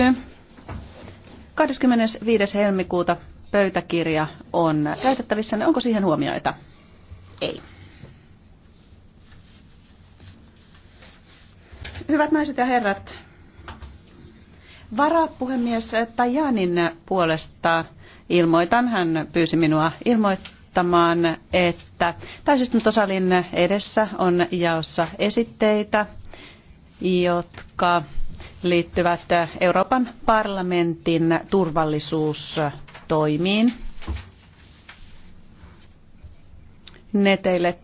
päättyy. 25. helmikuuta pöytäkirja on käytettävissä. Onko siihen huomioita? Ei. Hyvät naiset ja herrat, varapuhemies Tajanin puolesta ilmoitan, hän pyysi minua ilmoittamaan, että täysistuntosalin edessä on jaossa esitteitä, jotka liittyvät Euroopan parlamentin turvallisuustoimiin. Ne teille